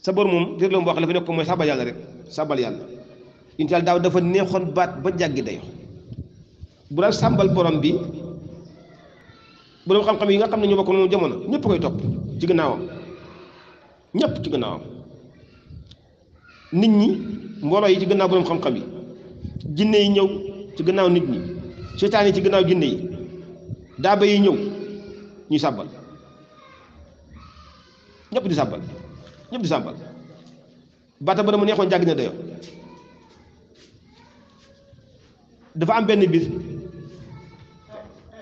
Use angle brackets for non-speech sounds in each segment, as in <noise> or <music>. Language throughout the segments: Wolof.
sa bor moom réer la mu la fi nekk mooy sabal yàlla rek sabal yàlla incha daaw dafa neexoon baat ba jàggi dayo bu la sàmbal borom bi borom xam-xam yi nga xam ne ñu bokkoon moom jamono ñëpp koy topp ci gannaawam ñëpp ci gannaawam nit ñi mbooloo yi ci gannaaw borom xam-xam yi yi ñëw ci gannaaw nit ñi seytaan yi ci gannaaw jinne yi daaba yi ñëw ñuy sàbbal ñëpp di sàbbal ñëpp sambal sampal bata ba mu neexon jàgg na dayo dafa am benn bis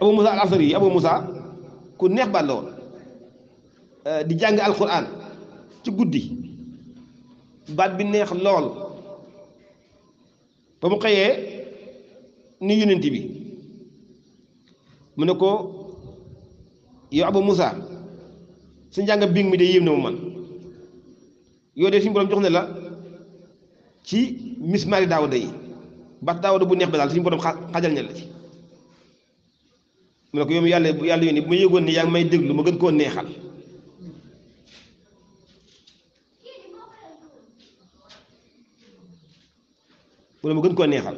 abu musa al asri abu musa ku neex baat la euh, di jang al qur'an ci guddii bat bi neex lol bamu xeye ni yonent bi mu ko abu musa sun jang bing mi de yéem na man yow de suñu borom jox ne la ci mismaari daawuda yi ba daawuda bu neex ba daal suñu borom xajal ñel la ci mu ne ko yow yàlla yàlla yónni bu ma yëgoon ne yaa ngi may déglu ma gën koo neexal ma gën koo neexal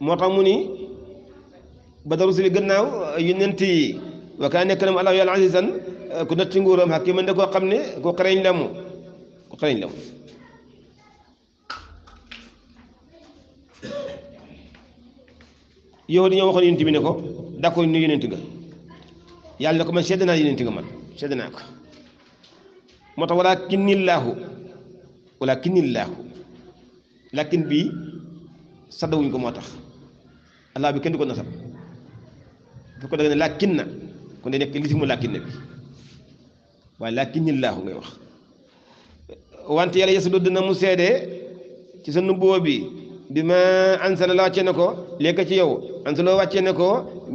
moo tax mu ni ba daru sili gannaaw yónnent yi wa kaa nekk na mu allahu yàlla azizan ku not ci nguuram hakiman da koo xam ne ku xarañ la mu ku xarañ la dañoo waxoon yonent bi ne ko d'accord ñu yonent nga yàlla ne ko man sedd naa yonent nga man sedd naa ko moo tax walakinnillaahu walakinnillaahu lakin bii saddawuñ ko moo tax allah bi kenn du ko nasab bu ko dëgg ne lakin na ku ne nekk lisimu làkkin bi waaye làkkin ñi laahu ngay wax wante yàlla yesu dina mu seede ci sa nubboo bi bi ma ansala la wàccee ne ko lekk ci yow ansala wàccee ne ko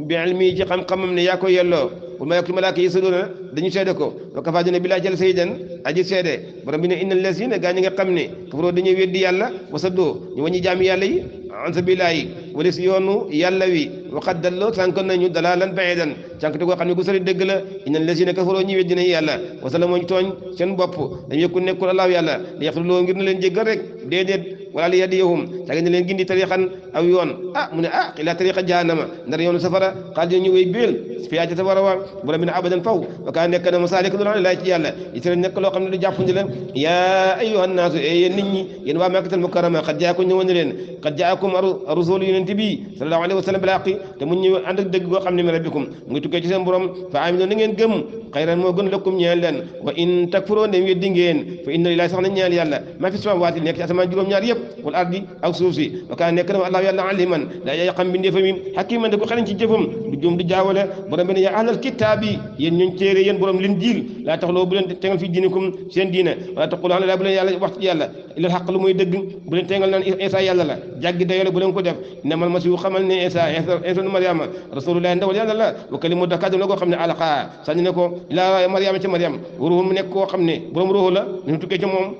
bi almi ci xam-xamam ne yaa ko yelloo wal malaa'ikatu malaaka yi yashhaduuna dañu seede ko wa kafaa dina billaahi jal sayyidan aji seede borom bi ne innal lazina gaa ñi nga xam ne kafaroo dañuy weddi yàlla wa saddoo ñu wañu jaami yàlla yi an sabiilillaahi wala yoonu yàlla wi wa qad dalloo sànk nañu dalaalan ba'iidan cànk te koo xam ne gu dëgg la innal lazina kafaroo ñi weddi nañu yàlla wa salamoo ñu tooñ seen bopp dañu yëkku nekkul allahu yàlla li yaqtuloo ngir na leen jéggal rek déedéet ولا ليديهم تاغي نلين غيندي تاريخا او يون اه من اه الى تاريخ جهنم نار يون سفر قال ني وي بيل في اجي تبروا بولا من ابدا فوق وكان نيك مسالك دون الله تي يالا يتر نيك لو خامني دي جابو نيلن يا ايها الناس اي نيت ني ين وا مكه المكرمه قد جاكم ني ونيلن قد جاكم رسول ينتبي صلى الله عليه وسلم بلاقي تم ني اندك دغ بو خامني من ربكم موي توكي سي مبروم فاامنو نين گم خيرا مو گن لكم نيلن وان تكفرون ني ودي فان الله سخنا نيال يالا ما في سما وات نيك سما جوم نيار يب wal ardi ak suuf si wa kaana nekk na allah yàlla aliman daa yaay xam mbindeefam yi xakiman da ko xarañ ci jëfam du jum du jaawale borom bi ne yaa ahlal kitaab yi yéen ñooñ téere yéen borom leen diil laa tax loo bu leen tengal fi diinikum seen diina wala taqulu ala bu leen yàlla wax yàlla ilal xaq lu muy dëgg bu leen tengal naan isa yàlla la jàggi dayole bu leen ko def inamal masihu xamal ne isa isa nu mariama rasulullah ndawal yàlla la wa kalimatu kaddu la koo xam ne alqa sànni ne ko ilaa mariama ci mariam ruuhu mu nekk koo xam ne borom ruuhu la ñu tukkee ci moom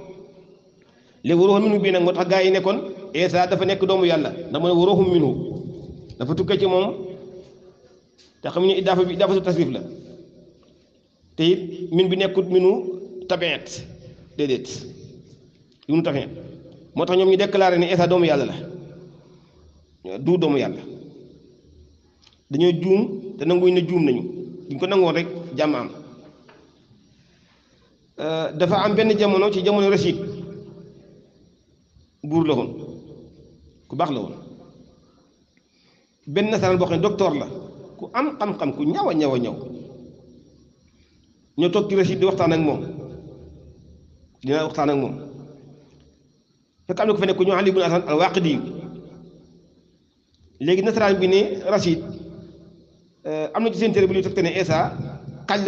léegi waruhum minhu bii nag moo tax gaa yi nekkoon Isa dafa nekk doomu yàlla ndax mu ne waruhum minhu dafa tukkee ci moom te xam ne idaafa bi idaafa su tasrif la te it bi nekkut minu tabi'at déedéet minu tabi'at moo tax ñoom ñu déclaré ne Isa doomu yàlla la du doomu yàlla dañoo juum te nanguñ juum nañu duñ ko nangoon rek jàmm am euh, dafa am benn jamono ci jamono rachid buur la won ku bax la won ben nasaraan boo xam docteur la ku am xam-xam ku ñaw a ñaw ñu tok ci Rachid di waxtaan ak mom dina waxtaan ak moom fekk am ko fe ku Ali ibn Hasan al-Waqidi legi bi ne euh amna ci seen bu ñu isa Esa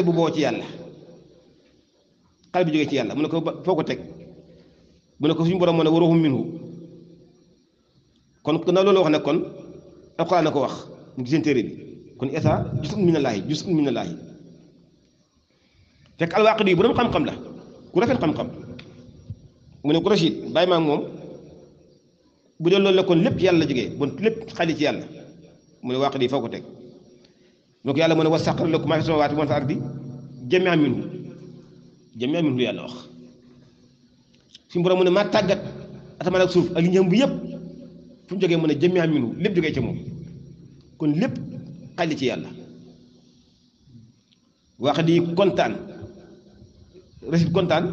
bu boo ci yalla xale bi jógee ci yalla mu ne ko foko tek mu ne ko suñu borom moo ne waruhum minhu kon na loolu wax ne kon alquran na ko wax mu ngi seen téere bi kon isa jusun minallaahi jusun minallaahi fekk alwaaqidi bu doon xam-xam la ku rafet xam-xam mu ne ku rachid bàyyi maa moom bu dee loolu la kon lépp yàlla la jógee bon lépp xali ci yàlla mu ne waaqidi foo ko teg donc yàlla mu ne wa saqar lakum maa fi samaawaati wa ma fi ardi jamii'an minhu jamii'an minhu yàlla wax suñu borom mu ne maa tàggat asamaan ak suuf ak li ñu bu yëpp fu mu jógee mu ne jëmmi aminu lépp jógee ci moom kon lépp xajli ci yàlla wax di kontaan resi kontaan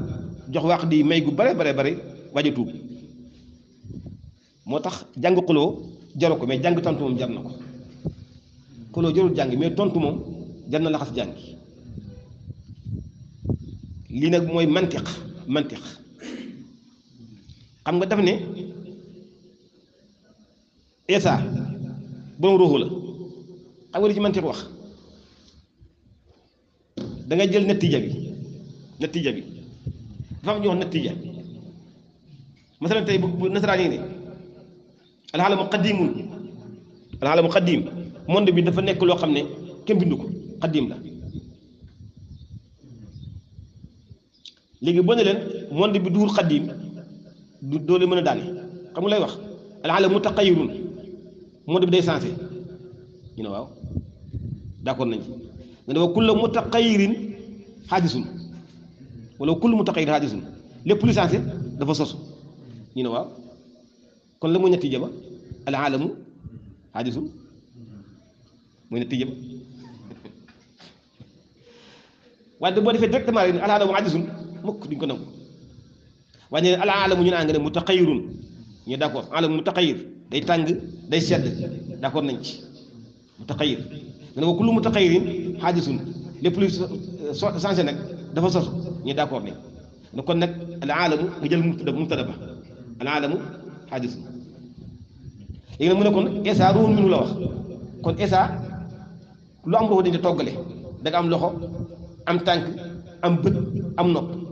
jox wax di may gu bare bare bare waaj tuub moo tax jàng xuloo jaru ko mais jàng tontu moom jar na ko xuloo jarul jàng mais tontu moom jar na laxas jàng lii nag mooy mantiq mantiq xam nga daf ne Isa bon ruuxu la xam nga li ci mantiq wax da nga jël natija bi natija bi dafa am ñu wax natija masalan tey bu bu ni yi ne alxalamu qadimun alxalamu qadim monde bi dafa nekk loo xam ne kenn bindu ko qadim la léegi boo ne leen monde bi duwul qadim du doo leen mën a daane xam nga lay wax alxalam mutaqayyirun moo dem day sensé ñu ne waaw d'accord nañ ci nga ne wa kullu mutaqayyirin xaadisun wala kullu mutaqayyirin xaadisun lépp lu sensé dafa sosu ñu ne waaw kon la mooy ñetti jaba alxalamu xaadisun mooy ñetti jaba waaye boo defee directement rek alxalamu xaadisun mukk duñ ko nangu waaye al alamu ñu ne anglais mutaqayyirun ñu d' accord alamu mutaqayyir day tàng day sedd d' accord nañ ci mutaqayyir dana ko kullu mutaqayyirin xaadisun lépp luy changé nag dafa sos ñu d' accord nañ kon nag al alamu nga jël mubtada mubtada ba al alamu xaadisun léegi nag mu ne kon esa ruun minu la wax kon esa lu am loxo dañ te toggale da nga am loxo am tànk am bët am nopp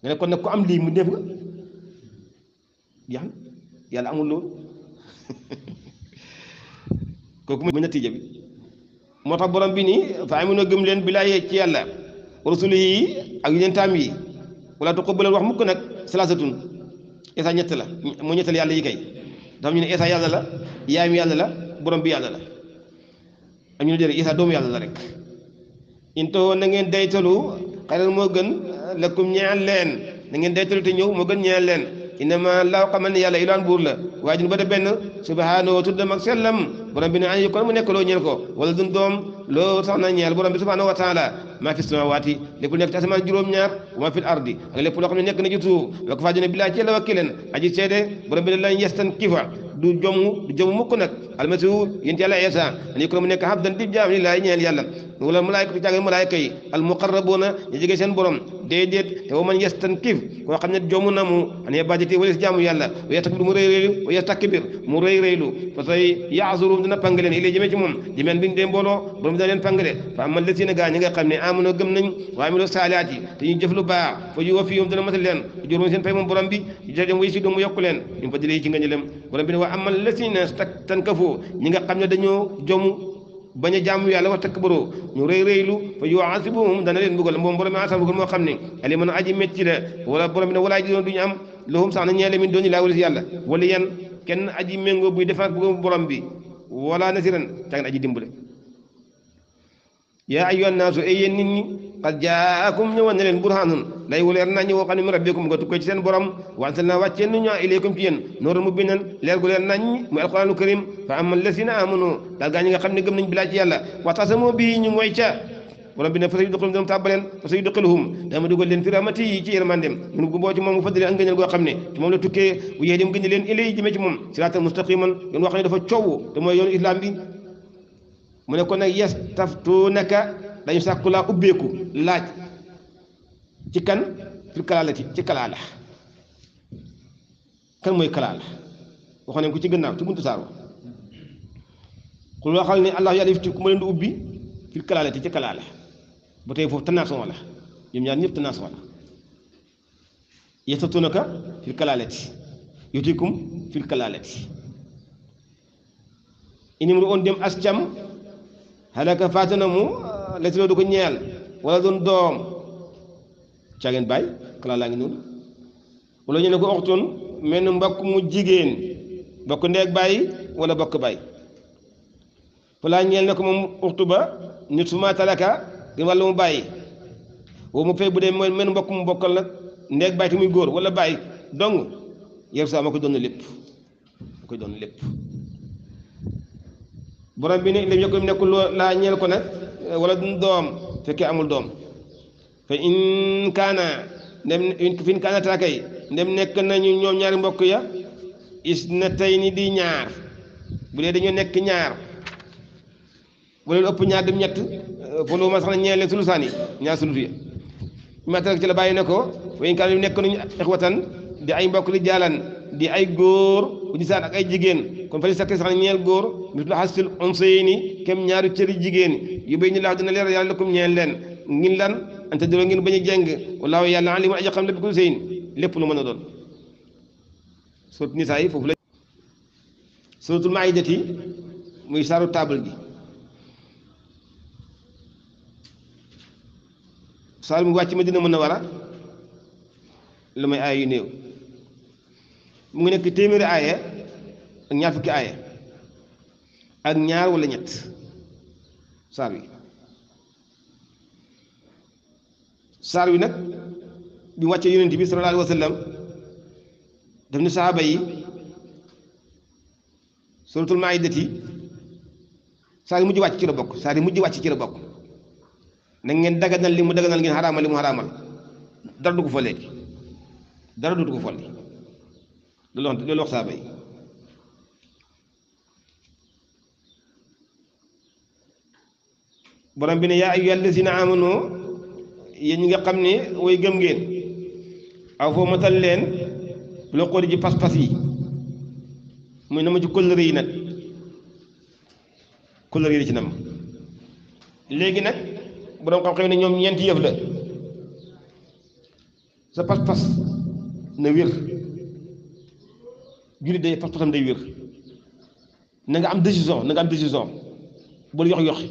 nga ne kon nag ku am lii mu def nga jeex na yàlla loolu <laughs> kooku mooy natiija bi moo tax borom bi nii fa amino gëm leen bilaay ci yàlla rasul yi ak yonentaam yi wala te ko bëleen wax mukk nag salaasatun Isa ñett la mu ñettal yàlla yi kay dafa ñu ne Isa yàlla la yaayam yàlla la borom bi yàlla la am ñu ne déedéet Isa doomu yàlla la rek in toxoon na ngeen daytalu moo gën la ñeel leen na ngeen daytalu te ñëw moo gën ñeel leen innama laaw xamal ne yàlla ilaan buur la waaye dun ba da benn subhaanahu wa tuddam ak sellam borom bi an yi kon mu nekk loo ñeel ko wala dun doom loo sax na ñeel borom bi subhaanahu wa taala maa fi samawaati lépp lu nekk ci asamaan juróom-ñaar wa maa fi ardi ak lépp loo xam ne nekk na ci suuf wa kafaa dina aji seede borom bi ne lan yestan kifa du jomm du jomm mukk nag almasihu yénti yàlla nekk abdan di jaam li laay wala malaayka du caagee malaayka yi al muqarrabuuna jege seen borom déedéet te wa man yastankif koo xam ne jomm na mu an yabaditi wala si jaamu yàlla wa yastakbir mu rëy rëylu wa yastakbir mu rëy rëylu fa say yaazurum dina pang ci moom jëmeen bi ñu dee mbooloo borom dina leen pang leen fa amal lesiina gaa ñi xam ne amonoo gëm nañ wa amiloo yi te ñu jëf leen juróom seen fay borom bi dem way nga ñu borom bi ne wa amal lesiina tankafu ñi nga ne dañoo jomu bañ a jaamu yàlla wax takbaroo ñu rëy rëylu fa yu'azibuhum dana leen bëggal moom borom asal bëggal xam ne aliman aji métti la wala borom ne walaa ji doon du ñu am lahum sax na ñeele min dooni laa walis yàlla wala yan kenn aji méngoo buy defak bëgg borom bi wala nasiran tàgn aji dimbale yaa ayyuhan naasu ay yéen nit ñi qad jaakum ñëwoon na leen burhanun lay wuleer nañu woo xam ne min rabbikum ko tukkee seen borom wansal naa wàccee nu ñaa ilaykum ci yéen nooru mu binan leer gu leer nañ karim fa amal lasina amanu daal gaa ñi nga xam gumboo ci moom mu faddalee ak goo xam ci moom la tukkee bu yee dem gënne leen ilay jëmee ci moom siraatal mustaqiman yoon wax ne dafa coow te mooy yoonu islam bi mu ne dañu sàkku laa ubbeeku laaj ci kan fil kalaalati ci kalaala kan mooy kalaala waxoon nañ ko ci gannaaw ci buntu saaro xul waxal ne allah yàlla yëfti ku ma leen di ubbi fil kalaalati ci kalaala ba tey foofu tanaason la ñoom ñaar ñëpp tanaason la yastatunaka fil kalaalati yutikum fil kalaalati inimru on dem as halaka faatana letti du ko ñeel wala doon doom caageen baay xalaa noonu wala ñu ko oxtun mel mbokk mu jigéen bokk ndeeg bàyyi wala bokk bàyyi falaa ñeel ne ko moom uxtu ba nit fu ma talaka di wàllu mu bàyyi woo mu fay bu dee mooy mbokk mu bokkal nag ndeeg bàyyi te góor wala bàyyi dong yéru saa moo koy doon lépp moo koy doon lépp borom bi ne lim yokk nekkul laa ñeel ko nag wala du doom fekkee amul doom fa in kaana ndem fi in kaana tarakay ndem nekk nañu ñoom ñaari mbokk ya is na tey ni di ñaar bu dee dañoo nekk ñaar wala lu ëpp ñaar dem ñett folu ma sax na ñeele saani ñaar sulutu ya ma tarak ci la bàyyi ne ko fa in kaana nekk nañu ixwatan di ay mbokk li jaalan di ay góor bu gisaan ak ay jigéen kon fa li sakk sax ñeel góor mislu hasil unsayni kem ñaari cëri jigéen yubayyin laahu dina leeral yàlla lakum ñeen leen ngin lan ante dilo ngeen bañ a jàng walaahu yàlla alimu aji xam lépp ku sëyin lépp lu mën a doon surat nisaa yi foofu la suratul maidati muy saaru table gi saar mu wàcc ma dina mën a war a lu may aaya yu néew mu ngi nekk téeméeri aaya ak ñaar fukki aaya ak ñaar wala ñett saar wi saar wi nag bi wàccee yonent bi sallallahu alayhi wa sallam def ni saxaaba yi suratul maidati saar yi mujj wàcc ci la bokk saar yi mujj wàcc ci la bokk na ngeen daganal li mu daganal ngeen xaraamal li mu xaraamal dara du ko dara dootu ko loolu wax saaba yi borom bi ne yaa ayyuhal lazina amanu yéen ñi nga xam ne way gëm ngeen aw foo matal leen bu la xool ji pas-pas yi muy na ma ci kóllëre yi nag kóllëre yi la ci nam léegi nag borom xam-xam ne ñoom ñeenti yëf la sa pas-pas na wér jullit de pas-pasam day wér na nga am décision na am décision bul yox yoxi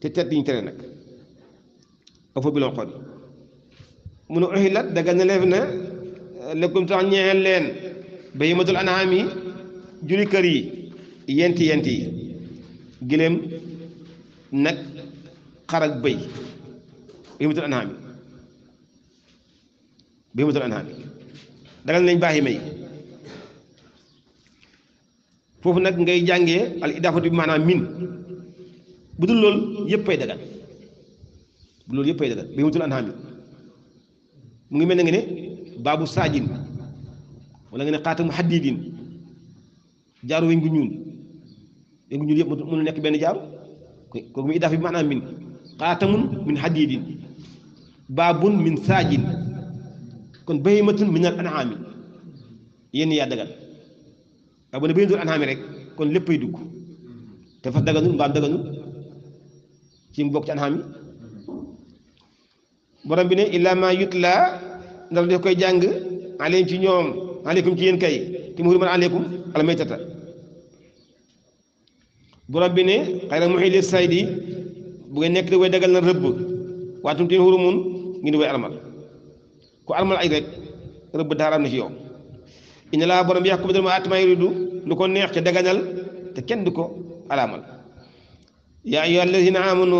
te teddiñ tere nag afo bi loo xool mu ne uxilat daga na leef na lekkum tax ñeexeel leen bahimatul an'am yi juri kër yi yenti yenti yi giléem nag xar ak bëy bahimatul an'am yi bahimatul an'am yi dagal nañ baax yi may foofu nag ngay jàngee al idaafatu bi maanaam min bu dul loolu yëppay dagan bu loolu yëppay dagan bay wutul anhaam yi mu ngi mel ne nga ne baabu saajin wala nga ne xaatamu xaddiidin jaaru weñ gu ñuul weñ gu ñuul yëpp mënu nekk benn jaaru kooku mu idaaf bi maanaam min xaatamun xaddiidin baabun min saajin kon bahimatun min al anhaami yenn yaa dagan waaye bu ne bahimatul anhaami rek kon lépp léppay dugg te fa daganul mbaam daganul ci mu bokk ci anam borom bi ne illa ma yutla ndax def koy jàng alayhim ci ñoom aleykum ci yéen borom bi ne xayra muhili saydi bu ngeen nekk di way dagal na rëbb waa tum teen hurumun ngi di way armal ku armal aj rek rëbb daaraam na ci yow laa borom bi yàqu bi dal ma atma yuridu lu ko neex ca daganal te kenn du ko alaamal yaa ayyuha alladina amanu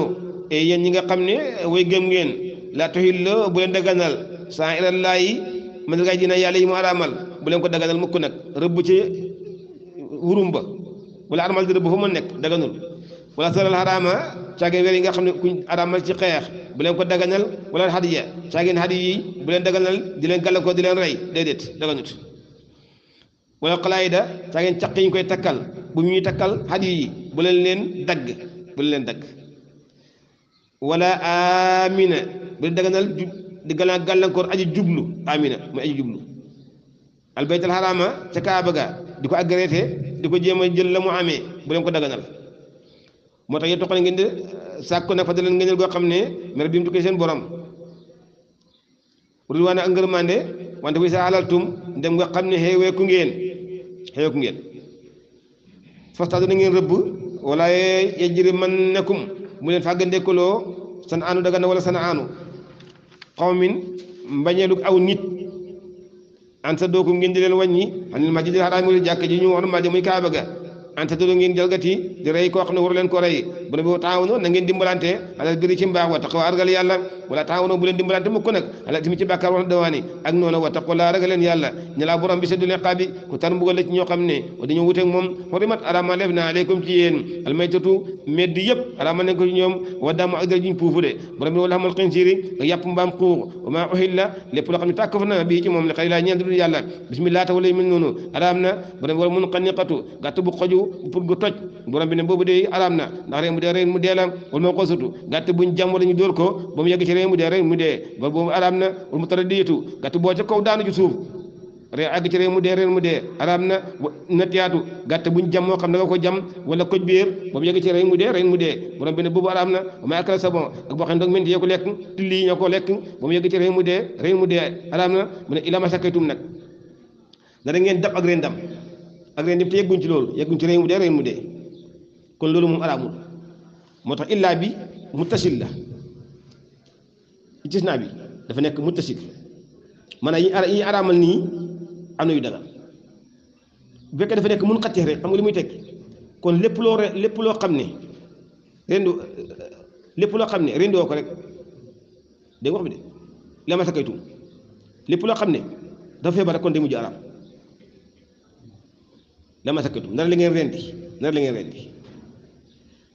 e yéen ñi nga xam ne way gëm ngeen laa tuhillu bu leen daganal saa ilallaayi mandargaay dina yàlla yi mu araamal bu leen ko daganal mukk nag rëbb ci wurum ba wala armal di rëbb fa mu nekk daganul wala saral xaraama caagin weer nga xam ne kuñ araamal ci xeex bu leen ko daganal wala hadiya caagin hadiya bu leen daganal di leen gàllankoor di leen rey déedéet daganut wala xalaayida caagin caq koy takkal bu ñuy takkal hadiya yi bu leen dagg bu leen dagg wala amina bu leen daganal di gàllankoor aji jublu amina mooy aji jublu albaytal xaraama ca kaaba ga di ko agrété di ko jéem a jël la mu amee bu leen ko daganal moo tax yéen toqale ngeen di euh, sàkku nag fa da leen goo xam ne mer bi mu seen borom rul waane ak ngërmande wante fu sa alaltum dem nga xam ne xeeweeku ngeen xeeweeku ngeen fastaatu ngeen rëbb wala yajrimannakum mu leen fàggandekuloo san aanu daga na wala san aanu xawmin mbañeelu aw nit anta dookum ngeen di leen wàññi anil masjidil haraam wala jàkk ji ñu wax ma di muy kaaba ga anta dookum ngeen jalgati di rey koo xam ne waru leen ko rey bu ne boo taawunu na ngeen dimbalante alal birri ci mbaax wa argal yàlla ولا تعاونوا بولين ديمبلان ديمو كونك على ديمي تي بكار وون دواني اك نونا واتقوا الله رك لين يالا نلا بروم بي سدو لقابي كو تان بوغال لي نيو خامني ودي نيو ووتك موم حرمت لبنا عليكم تي نعم الميتتو ميد ييب ارام نكو نيوم ودام اك جين بوفولي بروم ولا حمل قنجيري ياب مبام وما احل لي بلو تاكفنا نعم. بي تي موم لخيلا نيان دول يالا بسم الله تولي من نونو ارامنا بروم ول من قنقتو غاتو بو خجو borom bi ne boobu dee araam na ndax reen mu dee reen mu dee la wala moo xosatu gàtt buñ jàm wala ñu dóor ko ba yegg ci reen mu dee mu dee ba boobu araam na wala mu tara diitu gàtt boo ca kaw daanu ci suuf ree ci reen mu dee reen mu dee araam na na tiyaatu gàtt buñ jam moo xam ne nga ko jam wala koj biir ba mu yegg ci mu dee reen mu dee borom bi ne boobu araam na ba may akala sabon ak boo xam ne dog menti ko lekk tilli yi ko lekk ba yegg ci reen mu dee reen mu dee araam na mu ne a ma sakkaytum nag dana ngeen dab ak reen dam ak reen dam te yegguñ ci loolu yegguñ ci reen mu dee reen mu dee kon loolu moom araamul moo tax illaa bi muttasil la naa bi dafa nekk muttasil maanaam yi yi ñu araamal nii am na yu dagal bu fekkee dafa nekk mun xattee rek xam nga li muy teg kon lépp loo re lépp loo xam ne rendu loo xam ne rendoo ko rek dégg wax bi de la ma sakaytu lépp loo xam ne dafa feebar rek kon day mujj araam la ma sakaytu nar li ngeen rendi nar li rendi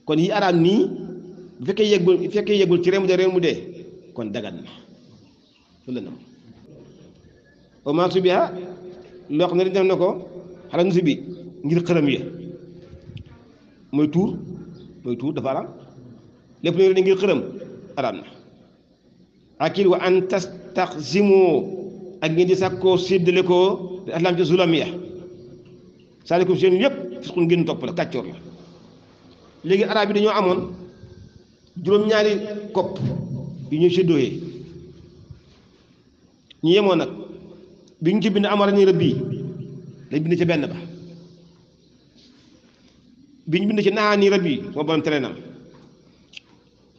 kon yi araam nii bu fekkee yeggul bu fekkee yeggul ci réew mu dee réew mu dee kon dagan na loolu la ñu am au moins su biha loo def na ko xala nu si bi ngir xërëm ya mooy tuur mooy tuur dafa araam lépp lu ne ngir xërëm araam na akil wa an tastaxzimu ak ngeen di sàkkoo séddale ko te aslam ci zulam ya saalikum seen yëpp fisqun ngeen topp la kàccoor la léegi arab yi dañoo amoon juróom-ñaari kopp yu ñu ci dóoyee ñu yemoon nag bi ñu ci bind amara ni rëbb yi dañ bind ci benn ba bi ñu bind ci naxaa nii rëbb yi moo borom na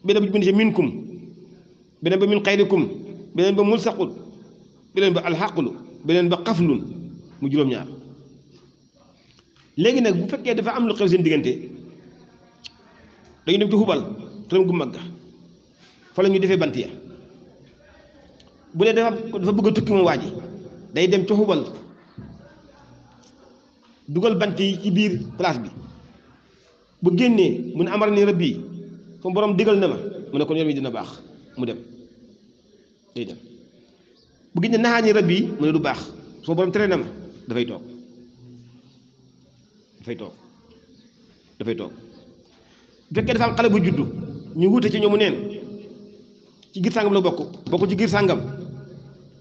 beneen bi bind ci minkum beneen ba min xayrikum beneen ba mulsaqul beneen ba alxaqulu beneen ba xaflun mu juróom-ñaar léegi nag bu fekkee dafa am lu xew seen diggante dañu dem ci xubal turam gu mag ga fa la ñu defee bant ya bu dee dafa dafa bëgg a tukki mu waa ji day dem ci xubal dugal bant yi ci biir place bi bu génnee mu ne amar ni rëbb yi fa borom digal na ma mu ne ko yoon wi dina baax mu dem day dem bu génnee naxaa ni rëbb yi mu ne du baax soo borom tere na ma dafay toog dafay toog dafay toog fekkee dafa am xale bu juddu ñu wute ci ñoomu neen ci giir sàngam la bokk bokk ci giir sàngam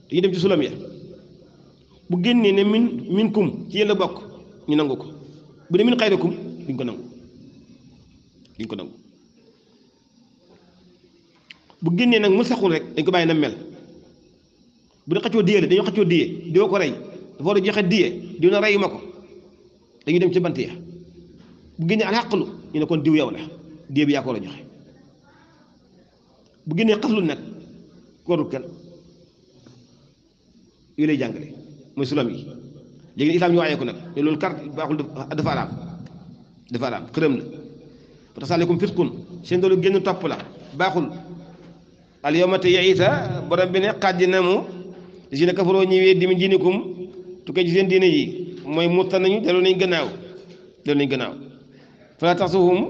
dañuy dem ci sulam ya bu génnee ne min min kum bokk ñu nangu ko bu ne min xayri kum ko nangu duñ ko nangu bu génnee nag mu saxul rek dañ ko bàyyi na mel bu dee xëccoo diyee la dañoo xëccoo diyee diwa ko rey dafa war a joxe diyee diw na reyu ma ko dañuy dem ci bant ya bu génnee alxaqlu ñu ne kon diw yow la déeb yaa ko war a joxe bu génnee xaflu nag koorul kenn yooyu lay jàngale mooy sulam yi léegi islaam ñu waayee ko nag ne loolu carte baaxul dafa araam dafa araam xërëm la parce que aleykum seen loolu génn topp la baaxul al yawma te yaisa borom bi ne xaddi na mu si ne kafaroo ñëwee di mi diinikum tukkee ci seen diine yi mooy mutta nañu delloo nañ gannaaw delloo nañ gannaaw fala tax suhum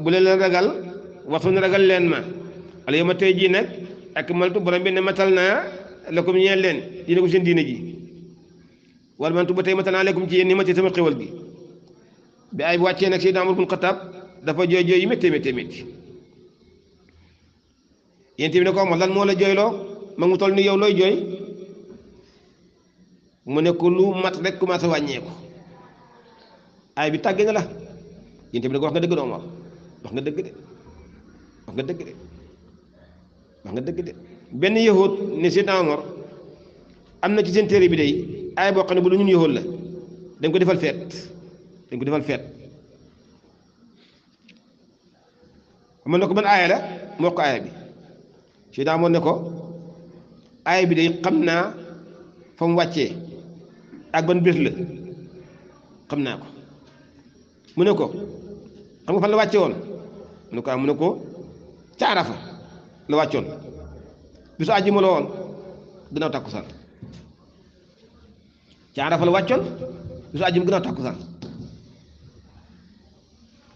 bu leen ragal waxtuñ ragal leen ma al yow ma tey jii nag ak maltu borom bi ne matal naa lakum ñeel leen diine ko seen diine ji wala mantu ba tey matal naa lakum ci yéen ni ma ci sama xéwal gi bi ay wàccee nag Seydina Umar bun dafa jooy jooy yu métti métti métti lan moo la jooyloo mag mu toll ni yow looy jooy mu ne ko lu mat rek commencé wàññeeku ay bi tàgge na la yéen tamit ne ko wax nga dëgg doom wax wax nga dëgg de wax nga dëgg de nga dëgg de benn yahut ne Seydina am na ci seen téere bi day ay boo xam ne bu du ñun yahut la dañ ko defal feet dañ ko defal feet mën na ko ban aaya la moo ko aaya ne ko aaya bi day xam naa fa mu wàccee ak ban bés la xam naa ko mu ne ko xam nga fan la wàcce woon mu ne ko ne ko ca arafa la wàccoon bisu àjjuma la woon gannaaw takkusaan ca arafa la wàccoon bisu àjjuma gannaaw takkusaan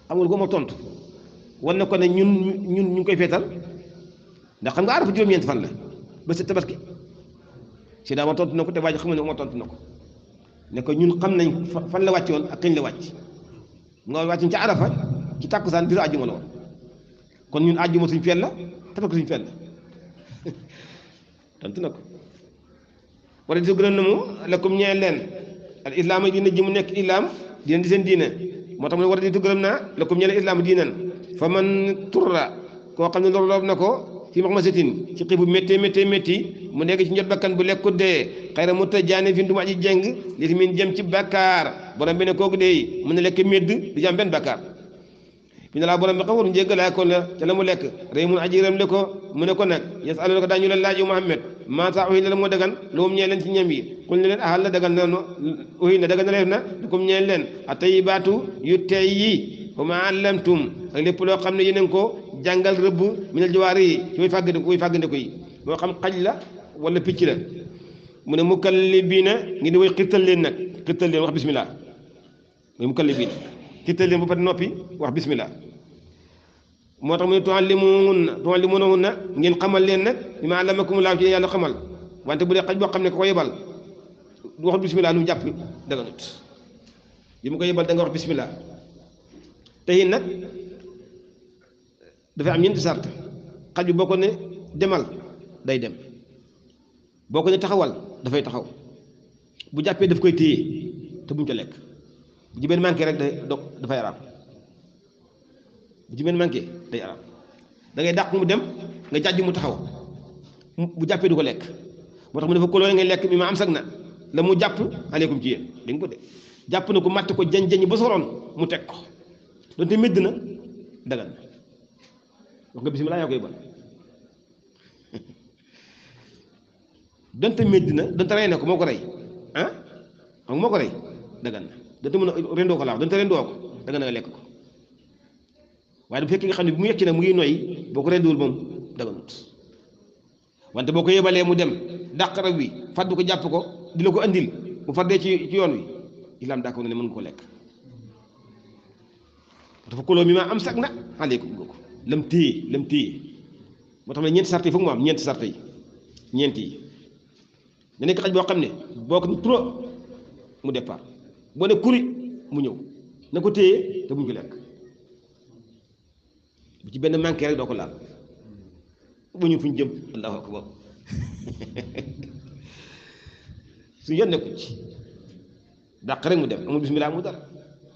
amul ko ma tontu wan na ko ne ñun ñun ñu ngi koy feetal ndax xam nga arafa juróom-ñeenti fan la ba si tabaski si daa ma tontu na ko te waa ji ne ma tontu na ko ne ñun xam nañ fan la wàccoon ak kañ la wàcc nga wàcc ca arafa ci takkusaan bisu àjjuma la woon kon ñun àjjuma suñ feet la tabaski suñ feet la tontu na ko wala di su gërëm na mu lakum ñeel leen al islaam ay diina ji mu nekk islaam diina di seen diina moo tax mu ne war a di su gërëm naa lakum ñeel islaam diinan fa man turra koo xam ne loolu loob na ko fi max ma setin ci xiibu métti métti métti mu nekk ci njot bakkan bu lekku dee xëy na mu ta jaane fi du ma jeng li min jëm ci bakkaar borom bi ne kooku dee mën lekk médd du jàm benn bakkaar min la borom bi xawru njéggal ay kon la te lamu lek lekk ajiram le ko mu ne ko nak yasalu la ko dañu la laaju Muhammad ma saa ila mo la moo dagan loom ñee leen ci ñam yi kul ne leen ahal la dagan na no uhi na dagan na leef na dukum ñee leen a yu teey yi huma allamtum ak lépp lo xamne ne yeneen ko jàngal rëbb min al jawari ci muy way ko muy fàggandi ko yi moo xam xaj la wala picci la mu ne mukallibiina ngi di way xital leen nak xital leen wax bismillah mooy mukallibiina كتلم بفتح نوبي وح بسم الله ما تعلمون تعلمونهن من قمل لينك بما علمكم الله جل جلاله قمل وانت بدي قلب قم لك ويبال وح بسم الله نجاب دعوت يوم كيبال دعوت بسم الله تهينك دفع مين تزارت قلب بكون دمال داي دم بكون تخوال دفع تخوال بجاب بدي فكوي تبون جلك jibeen ci benn manqué rek day dog dafay araam bu ci day araam da dàq mu dem nga jàjj mu taxaw bu jàppee du ko lekk moo tax mu dafa koloore ngay lekk mi ma am sag na la mu jàpp aleykum ci yéen dégg nga ko de jàpp na ko màtt ko jañ-jañ ba soroon mu teg ko doonte médd na dagan na wax nga bisimilah yaa <laughs> donte médd na donte rey na ko moo ko rey ah xam na donte mën a rendoo ko laax donte rendoo ko da nga na nga lekk ko waaye bu fekkee nga xam ne bu mu yegg ci nag mu ngi noyyi boo ko renduwul moom daganut wante boo ko yebalee mu dem dàq rab wi fàddu ko jàpp ko di la ko andil bu fardee ci ci yoon wi islaam d'accord na mën nga lekk dafa kuloo mi maa am sag na aleykum ko lam téye lam téye moo tax ne ñeenti sart yi foog mu am ñeenti sart yi ñeenti yi da xaj boo xam ne boo ko trop mu départ boo ne kuri mu ñew na ko teye te buñ ko lekk bu ci benn manqué rek doo ko laal bu ñu fuñ jëm allahu akbar <laughs> su yenn ko ci dàq rek mu dem amul bismillah mu dara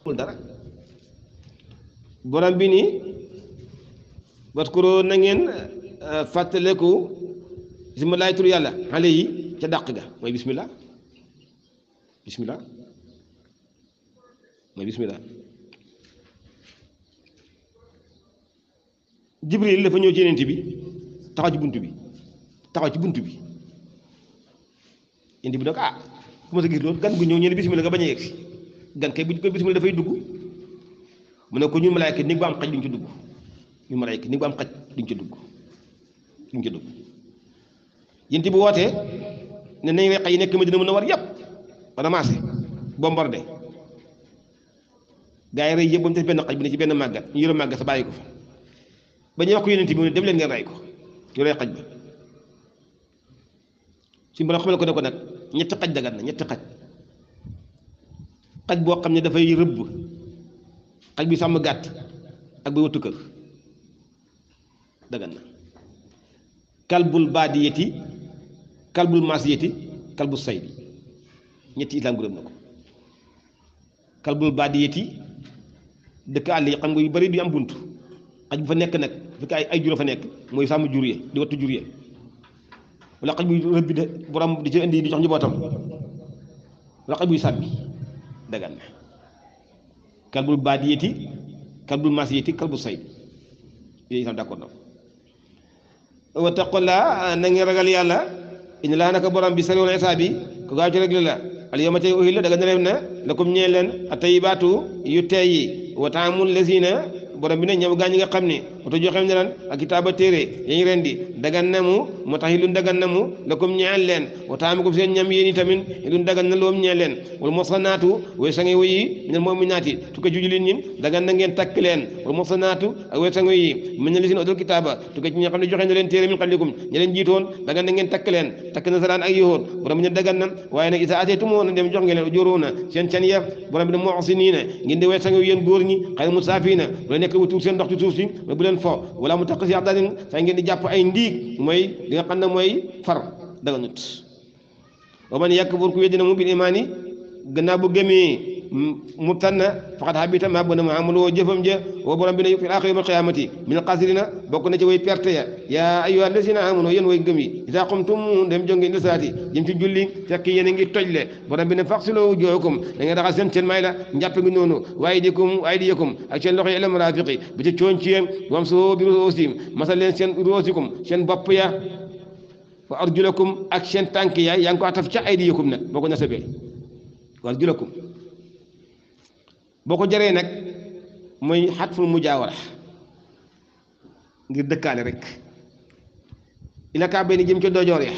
amul dara borom bi ni watkuru na ngeen euh, fàttaleku bismillah tur yàlla xale yi ca dàq ga mooy bismillah bismillah mooy bismillah jibril dafa ñëw ci yonent bi taxaw ci bunt bi taxaw ci bunt bi yonent bi nag ah ku ma sa gis loolu gan gu ñëw ñu ne bismillah nga bañ a yegg gan kay bu ñu ko bismillah dafay dugg mu ne ko ñun malaayka néeg bu am xaj duñ ci dugg ñun malaayka néeg bu am xaj duñ ci dugg duñ ci dugg yonent bi wootee ne nañ reqa yi nekk Madina mën a war yépp wala maase bombardé gaa yi rey yëpp mu des benn xaj bu ne ci benn màggat ñu yore màggat sa bàyyi ko fa ba ñu wax ko bi mu ne leen ngeen rey ko ñu rey xaj ba suñu borom nag ñetti xaj dagan ñetti xaj xaj boo xam ne dafay rëbb xaj bi sàmm gàtt ak bi wattu kër dagan na kalbul baadiyati kalbul maasiyati kalbul saydi ñetti islaam gërëm na ko kalbul baadiyati dëkk àll yi xam nga yu bari du am buntu xaj bu fa nekk nag fekk ay ay juro fa nekk mooy sàmm jur yi ya, di wattu jur yi ya. wala xaj buy rëbbi de borom di ci indi di jox njabootam wala xaj buy sàmmi dagan na kalbul baadiyati kalbul masiyati kalbul sayb yooyu sax d'accord na wa taqola na ngeen ragal yàlla ina laa naka borom bi sariwul isaabi ko gaaw ci réglé la al yawma tey uhilla daga na na lakum ñeel leen yu teey yi wa taamul lazina borom bi ne ñëw gaa ñi nga xam ni mu ta joxem ne lan ak kitaaba téere yañ na mu moo tax yi lu dagan mu la kom ñeel leen wa taama seen ñam yéen i tamit yi lu dagan na loom ñeel leen wala mosa naatu way sange wayi ne moom mu naati tukka juju lin ñi dagan na ngeen takk leen wala mosa naatu ak way sange yi mën na li seen odol ne leen téere min xalikum leen jiitoon dagan ngeen takk leen takk na saraan ak yowoon borom bi ne dagan na waaye nag isa atee jox ngeen leen ujóoroo seen can yeef borom bi ne moxsi nii na ngeen di way wala nekk bu seen ndox ci leen fo wala mu taq si yàqdanin fay ngeen di jàpp ay ndiig mooy li xam ne mooy far daganut wa man yàkk buur ku weddina mu bil imaan yi gannaaw bu gëmee mu tànn faqat habita maa bon ma amalu woo jëfam ja woo borom bi ne fil aaxir yawmal qiyaamati minal xaasiriina bokk na ci way perte ya yaa ayyuhal lazina aamanu yéen way ngëm yi idaa qumtum dem jonge ila salaati jëm ci julli fekk yéen a ngi tojle borom bi ne faxsiloo wujuuhakum da ngeen raxas seen seen may la njàpp ngi noonu wa aydikum aydiyakum ak seen loxo yi ilal maraafiqi bi ci cooñ ci yéen masal leen seen ruusikum seen bopp ya wa arjulakum ak seen tànk ya yaa ngi ko ataf ca aydiyakum nag boo ko nasabee wa arjulakum boo ko jaree nag muy xatful mujaawara ngir dëkkaale rek ila kàbbee ni jëm ca dojoor ya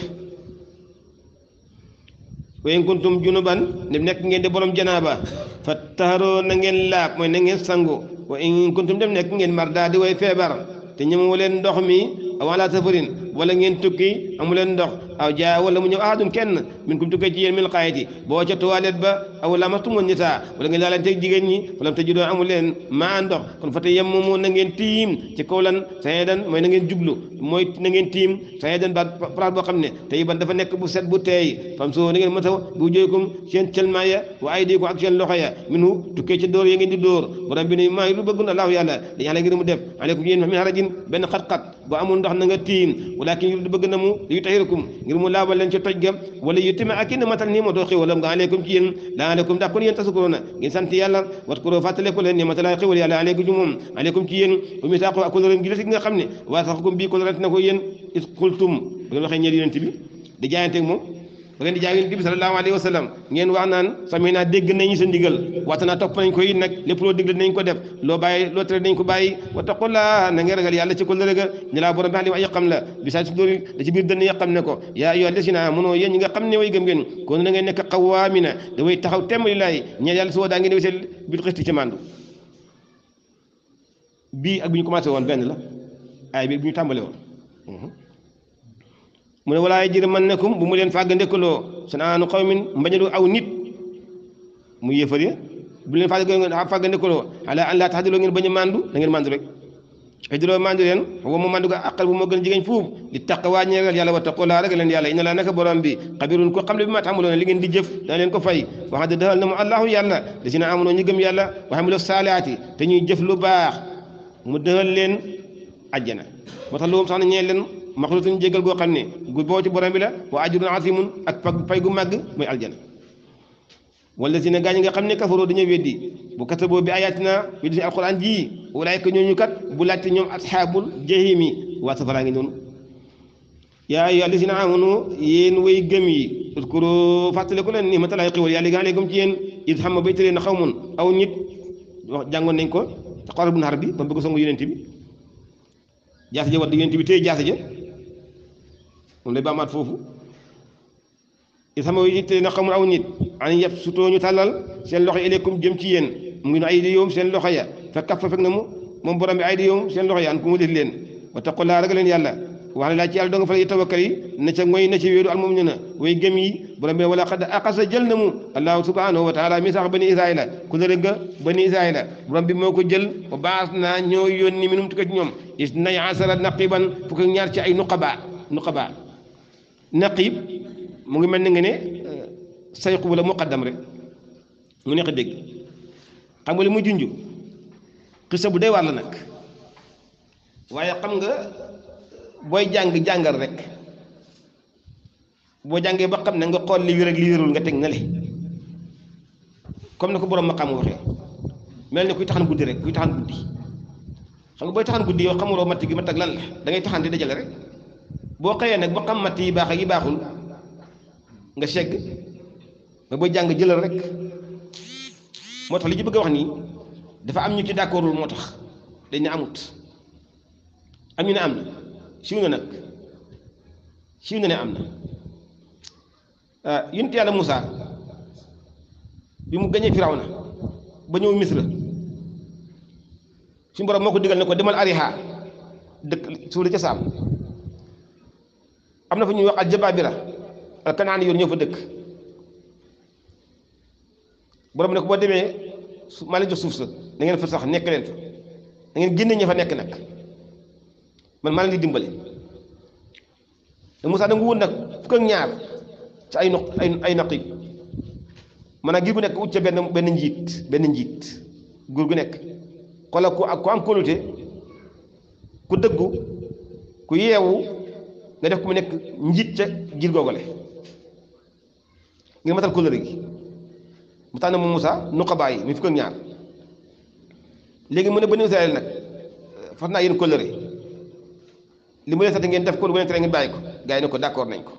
wa in kuntum junuban ne nekk ngeen di borom janaaba fa taharoo na ngeen laab mooy na ngeen sangu wa in kuntum dem nekk ngeen mar daa di way feebar te ñëmu leen ndox mi aw ala safarin wala ngeen tukki amu leen ndox aw jaa wala mu ñëw ahadun kenn min kum tukkee ci yéen min xaayati boo ca toilette ba aw lamastumun nisaa wala ngeen laalanteeg jigéen ñi wala mu tajidoo amul leen maa ndox kon fa te yem moomu na ngeen tiim ci kaw lan sayedan mooy na ngeen jublu mooy na ngeen tiim sayedan ba place boo xam ne te yiban dafa nekk bu set bu teey fam soo na ngeen mësaw bu jooykum seen cëlmaa ya wa ay diiku ak seen loxo ya min hu tukkee ci dóor ya ngeen di dóor borom bi ne maa ngi lu bëggun allahu yàlla dañu xale ngir mu def aleykum yéen min harajin benn xat-xat bu amul ndox na nga tiim walakin yu bëgg na mu yu tahirukum ngir mu laabal leen ci toj ga wala yutima ak inn matal nii ma doo xiwalam nga aleykum ci yéen la aleykum ndax kon yéen tasukuroona ngeen sant yàlla wat kuroo fàttaleku leen ni matalaay xiwal yàlla aleykum ci moom aleykum ci yéen u mi saaqo ak koloran gi nga xam ne waa saxakum bii kolorante na yéen is kultum bu ngeen waxee ñeel yonent bi da jaayanteeg moom ba ngeen di jaa ngeen dibi sallallahu ngeen wax naan sami naa dégg nañu sa ndigal waxta naa topp nañ ko it nag lépp loo digle nañ ko def loo bàyyi loo tere nañ ko bàyyi wa taqulla na ngeen ragal yàlla ci ko lërëga ñu laa borom bi ali wax yàqam la bi saa si dóori da ci biir dënn yàqam ne ko yaa yo lesina mënoo yéen ñi nga xam ne way gëm ngeen kon na ngeen nekk xawaamina da way taxaw temm lilaay yàlla su ngeen wése bil xisti bii ak bi ñu woon benn la ay bi ñu tàmbale woon mhm. mu ne walaa yajrimannakum bu mu len leen ndekulo shanaanu qawmin mbajalu aw nit mu yefal ya bu len leen ndekulo ala an la tahdilu ngeen bañu mandu da ngeen mandu rek ay dilo mandu len wo mu mandu ga akal bu mo gën jigen fuf fuuf di taqawaa ñee yàlla wa taqoo rek len yàlla inna la naka borom bi qabirun ko xamle le bi ma taxamuloon li ngeen di jëf da len ko fay wa hada dëxal namu allah yàlla da si na amonoo ñu gëm yàlla wa hamilu salati te ñuy jëf lu bax mu dehal len aljana motax lu mu sax na len maxluutin jégal goo xam ne gu boo ci borom bi la wa ajrun azimun ak pay gu màgg mooy aljana wala si ne gaañ nga xam ne kafaroo dañoo weddi bu kasa boobu bi ayatina weddi si alquran jii walaayka ñooñu kat bu laajte ñoom asxaabul jahimi waa safaraa ngi yaa ayyuhaa llaziina aamanu yéen yi udkuruu fàttaliku leen ni'mata llaahi xéwal yàlla gi aleykum ci yéen it xam ma bay tëlee na xaw mun aw nit wax jàngoon nañ ko xarab bu naar bi ba bëgg songu yonent bi jaasi ja wadd yonent bi téye jaasi ja moom lay baamaat foofu isama yi te na xamul aw nit an yab sutoo ñu talal seen loxe ilaykum jëm ci yéen mu ngi ne ay di yoom seen loxo ya fa kaffa fek na mu moom borom bi ay di yoom seen loxo ya an ku mu def leen wa taqulla ragal leen yàlla wax la ci yàlla do nga fa la na ci ngoy na ci wëru al moom na way gëm yi borom bi wala qad aqasa jël na mu allahu subhanahu wa taala misakh bani israila ku la reg bani israila borom bi moko jël wa basna ñoy ñoo yónni minum tukkee ñom ñoom isnay asara naqiban fuk ñaar ci ay nuqaba nuqaba naqib mu ngi mel ni nga ne euh, sayqu wala muqaddam rek mu neex dégg xam nga li muy junj xisa bu day war la nag waaye xam nga euh, booy jàng jàngal rek boo jàngee ba xam ne nga xool li wér ak li wérul nga teg na le comme ni ko borom ma xam waxee mel ne kuy taxan guddi rek kuy taxan guddi xam nga booy taxan guddi yow xamuloo matt gi matt ak lan la da ngay taxan di dajale rek boo xëyee nag ba xam matt yi baax ak yi baaxul nga segg ba booy jàng jëlal rek moo tax li ci bëgg a wax nii dafa am ñu ci d'accordul moo tax dañ ne amut am ñu ne am na siiw na nag siiw na ne am na euh, yonent la Moussa bi mu gañee na ba ñëw Misra suñu borom moo ko digal ne ko demal Ariha dëkk suuf la ca saam amna na fu ñuy wax al jababira al kanani yon ñëw dekk borom ne ko bo deme ma la jox suuf sa na ngeen fa sax nek len fa na ngeen genn ña fa nekk nag man ma la di dimbale te Moussa da nga wut nak fukk ak ñaar ci ay nok ay ay naqib man ngir bu nekk ut ca ben benn njiit benn njiit góor gu nek xoolal ku ak ko am kóolute ku deggu ku yewu nga def ko mu nekk njiit ca ngir googale ngir matal kóllëre gi mu tànn mu Moussa nuqabaa yi mu fukk ak ñaar léegi mu ne Bani Israël nag eh, fas naa yéen kóllëre li mu leen sant ngeen def ko lu mu leen tere ngeen bàyyi ko gars yi ko d'accord nañ ko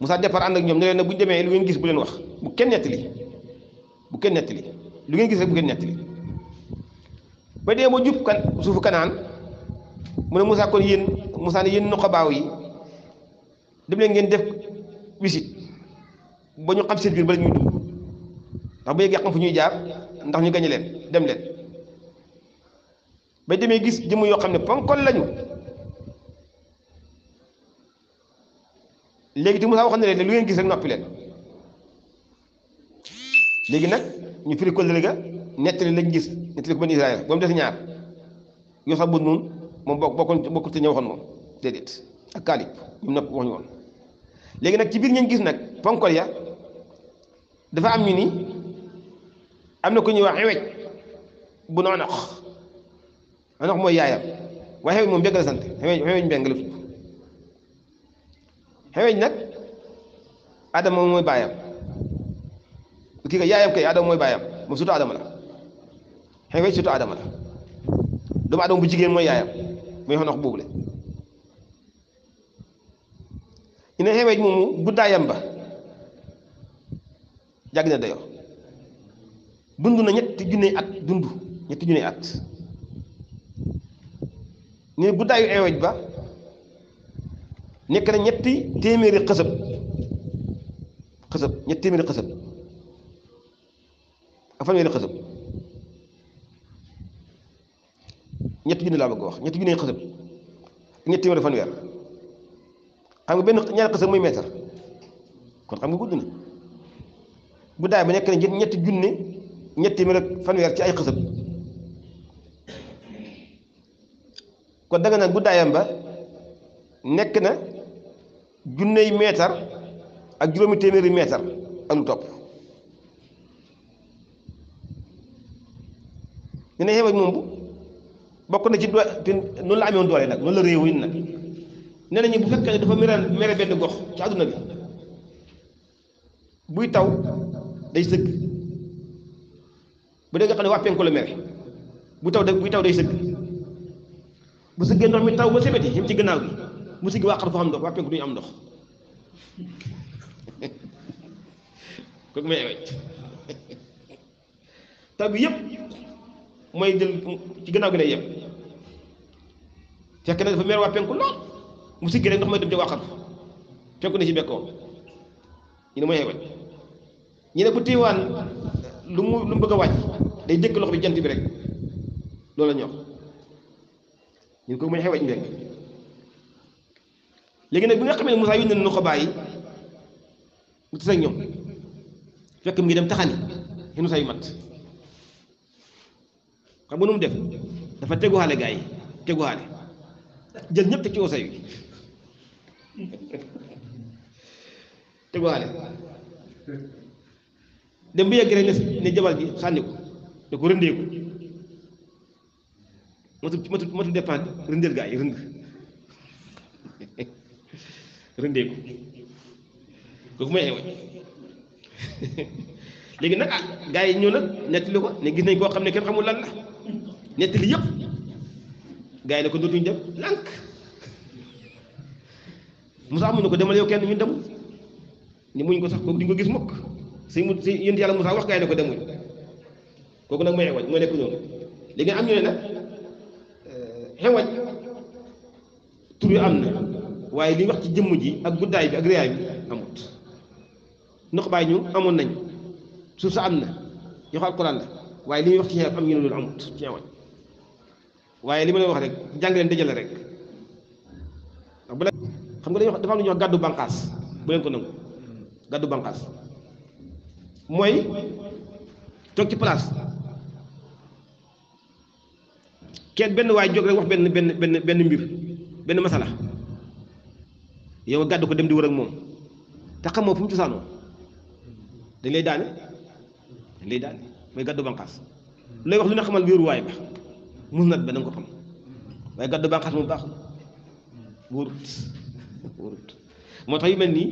Moussa départ ànd ak ñoom ne leen nag bu ñu demee lu ngeen gis bu leen wax bu kenn nettali bu kenn nettali lu ngeen gis rek bu kenn nettali ba dee ba jub kan suufu kanaan mu ne Moussa kon yéen Moussa ne yéen nuqabaaw yi dem leen ngeen def wisit ba ñu xam seen biir bala ñuy dugg ndax bu fu ñuy jaar ndax ñu gañe leen dem leen ba demee gis jëmm yoo xam ne ponkol lañu léegi te Moussa waxoon na leen ne lu ngeen gis rek noppi leen léegi nag ñu firi kóllëre ga nettali lañ gis nettali ko bani Israël ba mu des ñaar yoo xam bu noonu moom bokk bokkul bokkul ci ña waxoon moom déedéet ak kaalib ñum nopp wax ñu woon léegi nag ci biir ñañ gis nag ponkol ya dafa am ñu ni am na ku ñuy wax xewej bu na onox mooy yaayam waaye xewej moom mbégg la sant xewej xewej mbégg adama mooy baayam kii kay yaayam kay adama mooy baayam moom surtout adama la xewej surtout adama la doomu adama bu jigéen mooy yaayam hono ko ɓuuɓle ina heweji mum gudda yamba jaggine dayo dundu na ñetti junne at dundu ñetti junne at ni guddaayu eweej ba nekk na ñetti téeméeri xësëb xësëb ñetti téeméeri xësëb ak fanweeri xësëb ñetti junni laa bëgg wax ñetti junni xasab ñetti téeméer fanweer xam nga benn ñaari xasab muy mètre kon xam nga gudd na bu ba nekk ne ñetti ci ay xasab kon bu daayam ba nekk na junney mètre ak juróomi téeméeri mètre ak lu topp ñu ne moom bu bokk na ci doole te noonu la amee woon doole nag noonu la réew yi nag nee nañu bu fekkee dafa mere mere benn gox ci àdduna bi buy taw day sëgg bu dee nga ne waa penku la mere taw buy taw day sëgg bu sëggee ndox mi taw ba sebeti yim ci gannaaw gi mu sëgg waa xar foo xam ndox waa penku duñu am ndox <laughs> kooku may ewec <laughs> taw bi yëpp mooy jël ci gannaaw gi lay yem fekk na dafa mer waa penku lool mu siggi rek ndox may dem ca waxam penku ne ci bekkoom ñu ne mooy xewet ñu ne bu tiiwaan lu mu lu mu bëgg a wàcc day dëkk loxo bi jant bi rek loolu la ñu wax ko mooy xewet ñu léegi nag bi nga xamee ne Moussa yónnee nu ko bàyyi mu tase ak ñoom fekk mu ngi dem taxani xinu saa yu mat xam nga nu mu def dafa teguwaale gaa yi teguwaale jël ñëpp te ci osay bi teguwaale dem bu yegg rek ne ne jabal ji sànni ko da ko rëndee ko matul matul matul dépend rëndeel gaa yi rënd <laughs> rëndee ko kooku mooy xeewal <laughs> léegi nag ah gaa yi ñëw nettali ko ne gis nañ koo xam ne kenn xamul lan la nettali yëpp gars yi ne ko dootuñu dem lànk Moussa amuñu ko demal yow kenn ñu demul ñu muñ ko sax kooku duñ ko gis mukk si mu si yéen yàlla musaa wax gars yi ne ko demuñ kooku nag mooy xewaj mooy nekk noonu léegi am ñu ne nag euh, xewaj tur yu am waaye li wax ci jëmm ji ak guddaay bi ak baay ñu amoon nañ sa am na yoo la waaye li wax ci am ñu ne loolu amut ci xewaj waaye li ma lay wax rek jàng leen dajale rek ndax bu la xam nga dañuy dafa am lu ñuy gàddu bànqaas bu leen ko nangu gàddu bànqaas mooy toog ci place kenn benn waay jóg rek wax benn benn benn benn mbir benn masala yow gàddu ko dem di wër ak moom te xamoo fu mu cosaanoo dañ lay daane dañ lay daane mooy gàddu banqaas looy wax lu ne xamal wéeruwaay ba mus nag ba da ko xam waaye gàddu bànqaas moom baaxul wóorut wóorut moo tax yu mel nii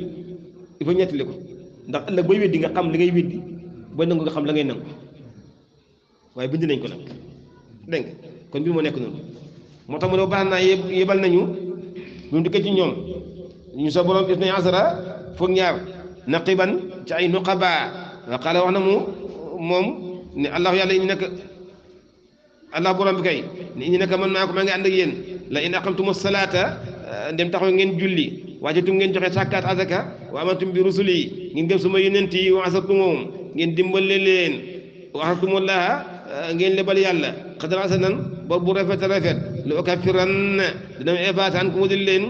il faut ñettali ko ndax ëllëg booy weddi nga xam li ngay weddi booy nangu nga xam la ngay nangu waaye bind nañ ko nag dégg kon bii moo nekk noonu moo tax mu ne baax naa yebal nañu lu dikkee ci ñoom ñu sa borom def nañu asara foog ñaar naqiban ci ay nuqaba wa qaala wax na mu moom ne allahu yàlla yi ñu nekk allah borom bi kay nit ñi naka man naa ko maa ngi ànd ak yéen la in aqamtumu salaata ndem taxaw ngeen julli waajatum ngeen joxe sàkkaat azaka wa amantum bi rusuli yi ngeen gëm suma yonent yi wa asatumuhum ngeen dimbale leen wa asatumullaha ngeen lebal yàlla xadar asanan bor bu rafet rafet lu okaffiranna dana ma efaataan ku wadil leen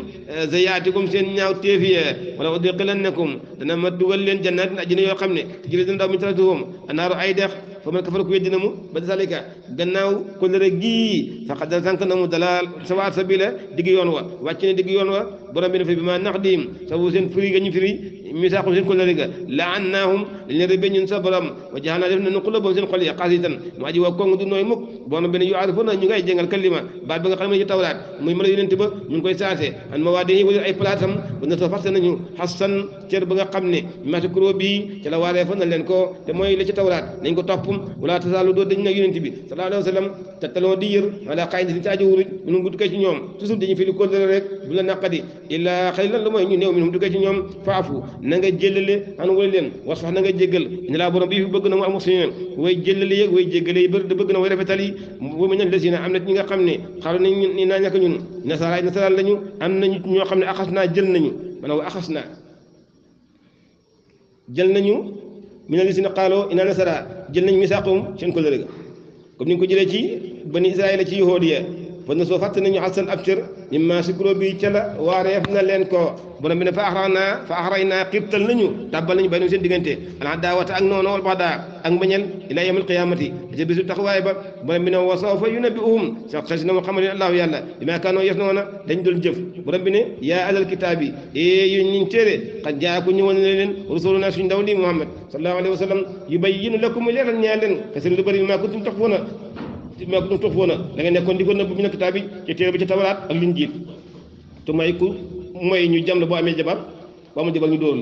zayaatikum seen ñaaw téefiya wala udiqilannakum dana ma dugal leen jannatin ajjana yoo xam ne jëli dana daw min taratuhum anaaru ay dex fa man kafara ku weddi na mu ba salika gannaaw kóllëre gii fa xad sànq na mu dalaal sawaat sabila digg yoon wa wàcc na yoon wa borom bi ne fi bi ma naqdihim sabu seen firi ga ñu firi misaaxum seen kollëre ga laannaahum dañ leen rëbbe ñun sa borom wa jaxalnaa def nañu xulabam seen xol yi xaasitan mu aji waa kong du nooy mukk borom bi ne yu arifuna ñu ngay jëngal kalima baat ba nga xam ne ci tawraat muy mën a yonent ba ñu ngi koy saase an ma waa dañuy wali ay place am ba na sa farte nañu xasan cër ba nga xam ne matukuroo bii ci la waaree fa na leen ko te mooy la ci tawraat nañ ko topp wala tasaalu doo dañ nag yonent bi sallallahu alayhi wa sallam te taloo di yër wala xaayindi si ci aji wuruj ñun gudd kay ci ñoom toujours dañuy firi kollëre rek bu la naqadi illaa xalilan lu mooy ñu néew minhum duggee ci ñoom faafu na nga jëlale xan wala leen wasfax na nga jéggal ne laa borom bii fi bëgg na mu al muxsinin way jëlale yeeg way bëgg na way rafetal yi bu mu ñan lesi am na ñi nga xam ne xalu nañ ni na ñàkk ñun nasaraay na ñu am nañu ñoo xam ne axas naa jël nañu maanaam a axas naa jël nañu mina lesi na xaaloo ina nasara jël nañu misaaqum seen ko lërëg comme ni ko jëlee ci bani israila ci yahudiya wadna soo fàtte nañu xasan ab cër ñi maa si guró bi ca la waareef na leen ko borom bi ne fa axra naa fa axray naa xirtal nañu tàbbal nañu bay seen diggante ala daawata ak noonu wal baxda ak mbañel ila yawmil qiyamati ca bisu taxawaay ba borom bi ne wa sawfa yunabbi'uhum sa xas na mu xamal ne allahu yàlla bima kaanoo yes noona dañ dul jëf borom bi ne yaa alal kitaab yi ee yu ñin téere xad jaaku ñëwoon na leen rasuluna suñu ndaw li muhammad sallallahu alayhi wa sallam yubayyinu lakum leeral ñaa leen kasir lu bëri bi maa kuntum taxfuuna ma ko doon tofoona da nga nekkoon di ko nëbb bu ñu kitaab bi ci téere bi ci tabaraat ak linjiil te may ku mooy ñu jam la boo amee jabar boo amul jabar ñu dóor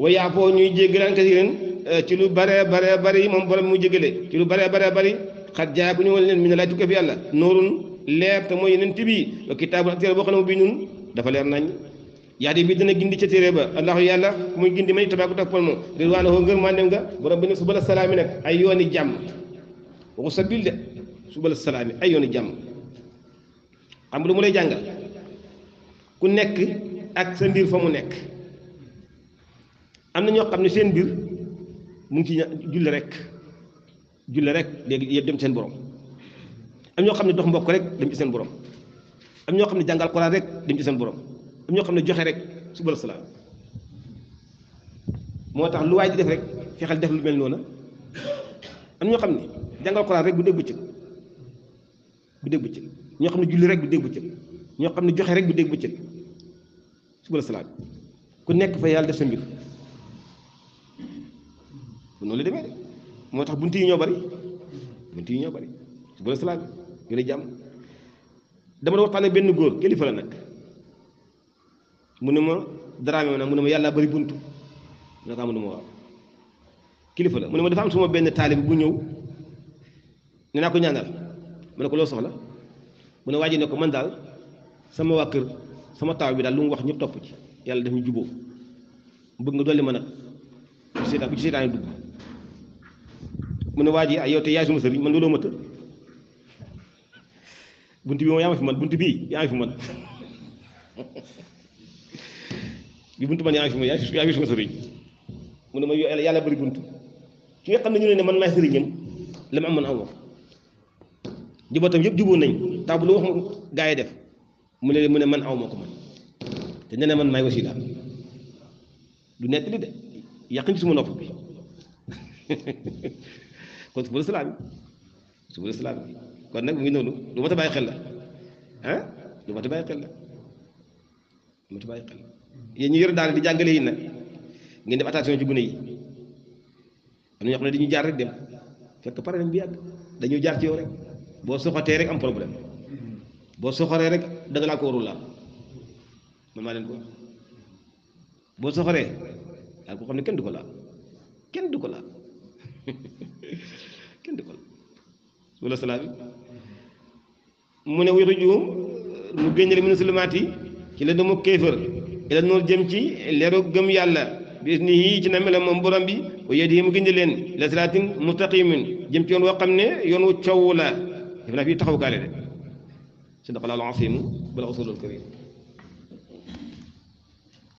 la yaa foo ñuy jéggalaan kasiiran eh, ci lu bare bare bari moom borom mu jéggale ci lu bare bare bari xat jaay ku ñu woon leen mi ne laaj tukkee fi yàlla noorun leer te mooy yeneen tibi wa kitaab ak téere boo dafa leer nañ yaa di bi dina gindi ca téere ba allahu yàlla muy gindi may tabaako tak pol mo ridwaanahu ngër maa dem nga borom bi ne subala salaami nag ay yooni jàmm waxu sa bil de suba la salaami ay yoonu jàmm xam lu mu lay jàngal ku nekk ak sa mbir fa mu nekk am na ñoo xam ne seen mbir mu ngi ci julli rek julli rek léegi yëpp dem seen boroom am ñoo xam ne dox mbokk rek dem ci seen borom am ñoo xam ne jàngal Alxuraan rek dem ci seen borom am ñoo xam ne joxe rek suba la salaam moo tax lu waay di def rek fexeel def lu mel noonu am ñoo xam ne jàngal Alxuraan rek bu dégg bëccëg bu dégg bëccëg ñoo xam ne julli rek bu dégg bëccëg ñoo xam ne joxe rek bu dégg bëccëg suba la salaat ku nekk fa yàlla def sa mbir moo tax bunt yi ñoo bari bunt yi ñoo bari suba a jàmm dama doon waxtaan benn góor kilifa la nag mu ne ma daraame ma nag mu ne ma yàlla bari bunt mu ne mu ne ma waaw kilifa la mu ne ma dafa am suma benn taalibe bu ñëw ne naa ko ñaanal mu ne ko loo soxla mu ne waa ji ne ko man daal sama waa kër sama taaw bi daal lu mu wax ñépp topp ci yàlla daf ñu juboo bëgg nga dolli ma nag bu ci seetaan mu ne waa ay yow te yaay suma man looloo ma të bunt bi moom yaa ma man bunt bii bi buntu man yaa ngi fi yaa ngi fi yàlla bëri bunt man maay sëriñam la ma njabootam yëpp juboon nañu taw lu wax ma yi def mu ne mu ne man aw ma ko man te nee man maay wasiila du nekk li de yàqin ci suma nopp bi <laughs> kon subul salaam bi salaam bi kon nag mu ngi noonu lu mat bàyyi xel la ah lu mat a a bàyyi xel la ñu yor daal di jàngale yi nag ngeen def attention ci gune yi xam ne dañuy jaar rek dem fekk pare nañ bi yàgg dañuy jaar ci yow rek. boo soxatee rek am problème boo soxoree rek dëgg laa ko warul laal man maa leen ko boo soxoree daal ko xam ne kenn du ko laal kenn du ko laal <laughs> kenn du ko laal mu ne wuyu mu génne leen mu ne sulumaat yi ci la dama kéefër ila noor jëm ci leeru gëm yàlla bi ni yii ci na mela moom borom bi wa yedi mu génne leen ila siraatin mustaqimin jëm ci yoon woo xam ne yoon wu coow la Ibrahima fii taxawukaay la de sadaqallaahu al-aziim bal rasulul kariim